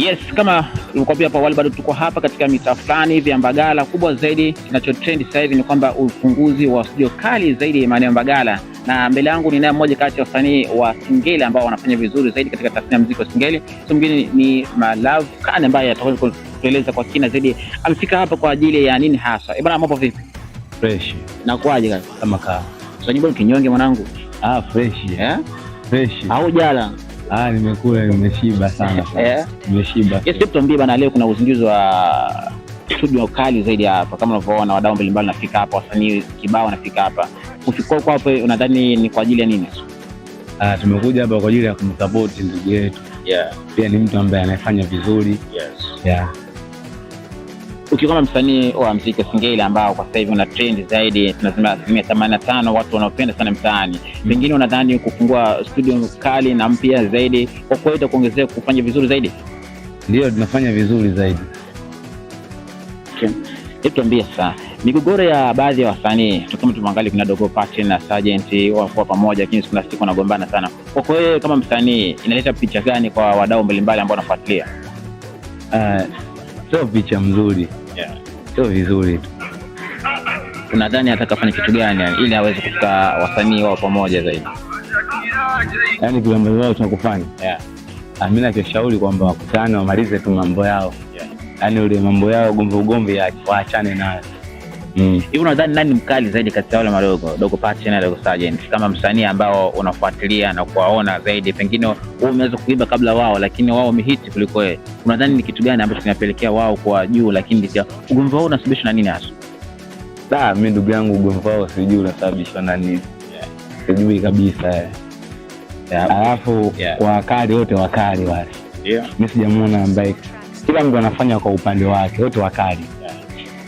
Yes, kama tulivyokuambia hapo awali, bado tuko hapa katika mitaa fulani hivi ya Mbagala. Kubwa zaidi kinachotrendi sasa hivi ni kwamba ufunguzi wa studio kali zaidi ya maeneo ya Mbagala, na mbele yangu ninaye mmoja kati ya wasanii wa singeli ambao wanafanya vizuri zaidi katika tasnia ya muziki wa singeli. So mwingine ni Malav Khan ambaye atakuja kutueleza kwa kina zaidi amefika hapa kwa ajili ya nini hasa. E bwana, mambo vipi? Fresh. Nakuaje kaka? Kama kaa. So nyumba kinyonge mwanangu. Ah, fresh. Eh? Yeah? Fresh. Au jala? Ah, nimekula nimeshiba sana. Yeah. Nimeshiba. Yes, tuambie bana, leo kuna uzinduzi wa studio kali zaidi hapa kama unavyoona, wadau mbalimbali nafika hapa, wasanii kibao wanafika hapa. Kufika kwa hapo unadhani ni kwa ajili ya nini? Ah, tumekuja hapa kwa ajili ya kumsupport ndugu yetu. Yeah. Pia ni mtu ambaye anafanya vizuri. Yes. Yeah ukiwa kama msanii wa mziki wa Singeli ambao kwa sasa hivi una trend zaidi, tunasema asilimia themanini na tano watu wanaopenda sana mtaani, mm. pengine mm. unadhani kufungua studio kali na mpya zaidi kwa kweli itakuongezea kufanya vizuri zaidi? Ndio, tunafanya vizuri zaidi. Okay. Hebu Tuambie sasa migogoro ya baadhi ya wasanii tukama tumeangalia kina Dogo Party na Sajenti wanakuwa pamoja, lakini kuna siku wanagombana sana. Kwa kweli kama msanii inaleta picha gani kwa wadau mbalimbali ambao wanafuatilia? Uh, sio picha mzuri yeah. Sio vizuri tu. Unadhani hata kafanya kitu gani ili aweze kufika wasanii wao pamoja zaidi? yani vilambazi tunakufanya yeah. Ah, mimi nachoshauri kwamba wakutane wamalize tu mambo yao yeah. Yaani ule mambo yao gomvi ugomvi waachane nayo mm. unadhani nani mkali zaidi kati ya wale madogo Dogo na Dogo kama msanii ambao unafuatilia na kuwaona zaidi, pengine wewe umeweza kuimba kabla wao, lakini wao wamehiti kuliko wewe, unadhani ni kitu gani ambacho kinapelekea wao kuwa juu? Lakini ugomvi wao unasababishwa na nini hasa? Da, mi ndugu yangu, ugomvi wao sijui unasababishwa na nini, sijui kabisa. Alafu kwa wakali wote wakali wale, mi sijamuona ambaye kila mtu anafanya kwa upande wake, wote wakali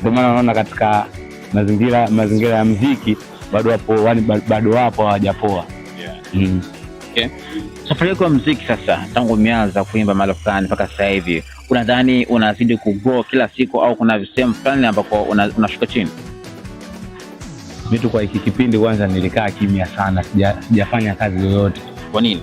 ndio maana unaona katika mazingira mazingira ya mziki bado wapo, bado wapo hawajapoa. yeah. mm. okay. Safari yako ya mziki sasa, tangu umeanza kuimba mahali fulani mpaka sasa hivi, unadhani unazidi kugo kila siku au kuna sehemu fulani ambako unashuka chini? Mimi kwa hiki kipindi kwanza nilikaa kimya sana, sijafanya kazi yoyote. Kwa nini?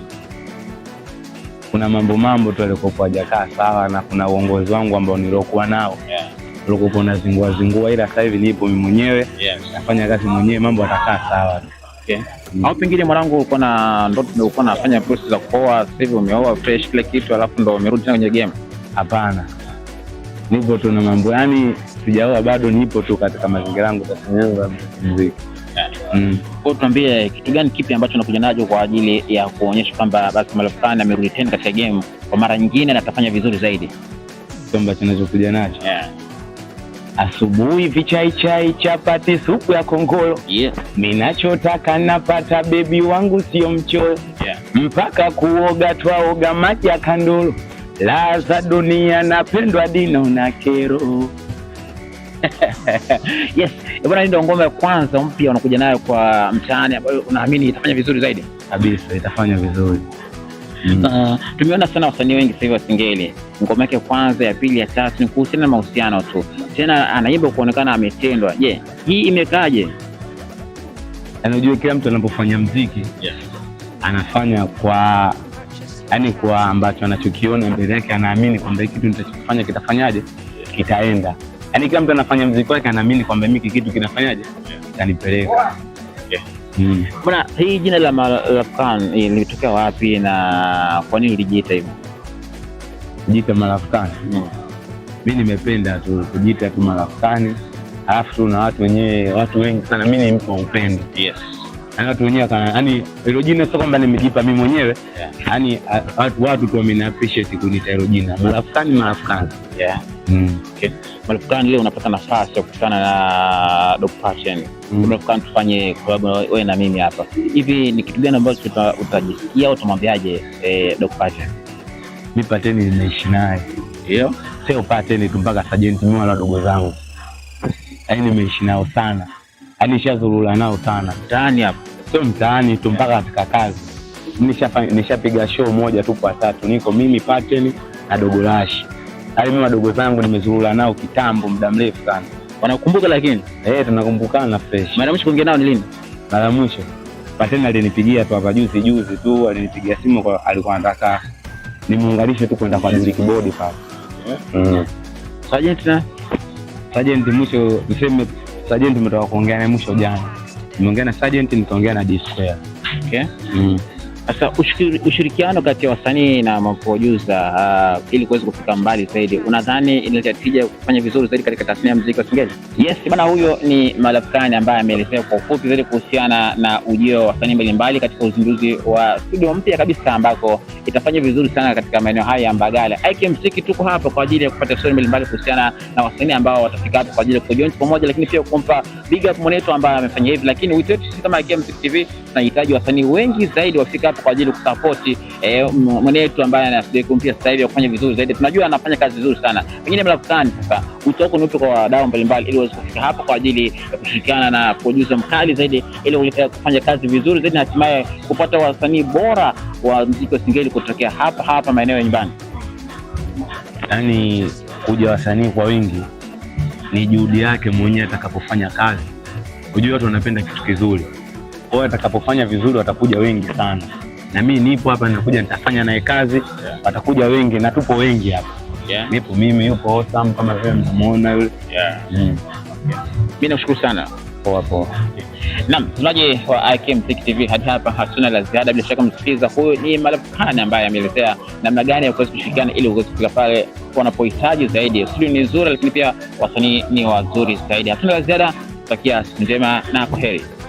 Kuna mambo mambo tu yalikokuwa hajakaa sawa, na kuna uongozi wangu ambao niliokuwa nao yeah ulikokuwa na zingua, zingua, ila sasa hivi nipo mimi mwenyewe yes. nafanya kazi mwenyewe, mambo yatakaa sawa. Okay. Mm. Au pengine mwanangu, ulikuwa na ndoto ulikuwa nafanya process za kuoa, sasa hivi umeoa fresh kile kitu, alafu ndo umerudi tena kwenye game? Hapana, nipo tu na mambo, yani sijaoa bado, nipo tu katika mazingira yangu sasa. Mm. Kwa tuambie kitu gani kipi ambacho unakuja nacho kwa ajili ya kuonyesha kwamba basi mara fulani amerudi tena katika game kwa mara nyingine na atafanya vizuri zaidi, kitu ambacho nachokuja nacho yeah. Asubuhi vichaichai, chapati, supu ya kongolo yeah. Minachotaka napata, bebi wangu sio mchoro yeah. Mpaka kuoga twaoga maji ya kandolo, laza dunia napendwa dino na kero yes, bwana, ndio ngoma ya kwanza mpya unakuja nayo kwa mtaani ambayo unaamini itafanya vizuri zaidi kabisa. Itafanya vizuri mm. Uh, tumeona sana wasanii wengi sasa hivi wa Singeli, ngoma yake kwanza, ya pili, ya tatu ni kuhusiana na mahusiano tu tena anaimba kuonekana ametendwa. Je, yeah. Hii imekaje? Anajua yaani kila mtu anapofanya mziki yeah. Anafanya kwa yani kwa ambacho anachokiona mbele yake, anaamini kwamba hiki kitu nitachofanya kitafanyaje, kitaenda. Yani kila mtu anafanya mziki wake, anaamini kwamba mimi kitu kinafanyaje, kitanipeleka yeah. Hmm. hii jina la Malap eh, ilitokea limetokea wapi na kwa nini ulijiita hivyo? Jiita Malap Hmm mi nimependa tu kujiita tu marafukani, alafu tu na watu wenyewe, watu wengi sana. Mi ni mtu wa upendo, yes. Yani watu wenyewe yani, hilo jina sio kwamba nimejipa mi mwenyewe yani, yeah. Yaani, watu, watu tu wameni appreciate kuniita hilo jina marafukani, marafukani yeah. mm. okay. Marafukani leo unapata nafasi ya kukutana na Dr. Paten mm. Marafukani tufanye collab wewe na mimi hapa hivi, ni kitu gani ambacho utajisikia au utamwambiaje eh, Dr. Paten? Mi Pateni nimeishi naye hiyo sio pateni ni mpaka sajenti. Mimi wala wadogo zangu yaani nimeishi nao sana, yaani nishazurula nao sana mtaani hapo. sio mtaani tu, mpaka katika kazi. Nishapiga show moja tu kwa tatu, niko mimi pateni na dogo Rash. Yaani mimi wadogo zangu nimezurula nao kitambo, muda mrefu sana. Wanakumbuka lakini eh, tunakumbukana fresh. Mara mwisho kuongea nao ni lini? Mara mwisho pateni alinipigia tu hapa juzi juzi tu, alinipigia simu, kwa alikuwa anataka nimuunganishe tu kwenda kwa Dully Kibodi pale Mm. Sajenti na sajenti mwisho, niseme sajenti umetoka kuongea naye mwisho jana, nimeongea na sajenti nikaongea na Despair. Okay? Mm. Sasa ushirikiano kati ya wasanii na maprodusa uh, ili kuweza kufika mbali zaidi, unadhani inaleta tija kufanya vizuri zaidi katika tasnia ya muziki wa Singeli? Yes bana, huyo ni Malafkani ambaye ameelezea kwa ufupi zaidi kuhusiana na ujio wa wasanii mbalimbali katika uzinduzi wa studio mpya kabisa ambako itafanya vizuri sana katika maeneo haya ya Mbagala. IK Muziki tuko hapa kwa ajili ya kupata stori mbalimbali kuhusiana na wasanii ambao watafika hapa kwa ajili ya kujoin pamoja, lakini pia kumpa big up mwanetu ambaye amefanya hivi, lakini wito wetu sisi kama IK Muziki TV tunahitaji wasanii wengi zaidi wafika hapa kwa ajili kusapoti eh, mwenetu wetu ambaye anasubiri kumpia sasa hivi kufanya vizuri zaidi. Tunajua anafanya kazi vizuri sana, pengine mla fulani. Sasa wito wako ni upi kwa wadau mbalimbali ili waweze kufika hapa kwa ajili ya kushirikiana na producer mkali zaidi ili eh, kufanya kazi vizuri zaidi na hatimaye kupata wasanii bora wa muziki wa singeli kutokea hapa hapa maeneo ya nyumbani? Yani kuja wasanii kwa wingi ni juhudi yake mwenyewe atakapofanya kazi. Unajua watu wanapenda kitu kizuri kwao atakapofanya vizuri watakuja wengi sana, na mimi nipo hapa, nakuja nitafanya naye kazi, watakuja wengi na tupo wengi hapa yeah. Nipo mimi, yupo Osam kama vile mnamuona yule yeah. mm. yeah. Mimi nashukuru sana. Poa poa. Naam, mtazamaji wa IKM Tech TV, hadi hapa hatuna la ziada. Bila shaka msikiliza, huyu ni Malap ambaye ameelezea namna gani ya kuweza kushirikiana ili uweze kufika pale wanapohitaji zaidi. Studio ni nzuri, lakini pia wasanii ni wazuri zaidi. Hatuna la ziada, takia siku njema na kwaheri.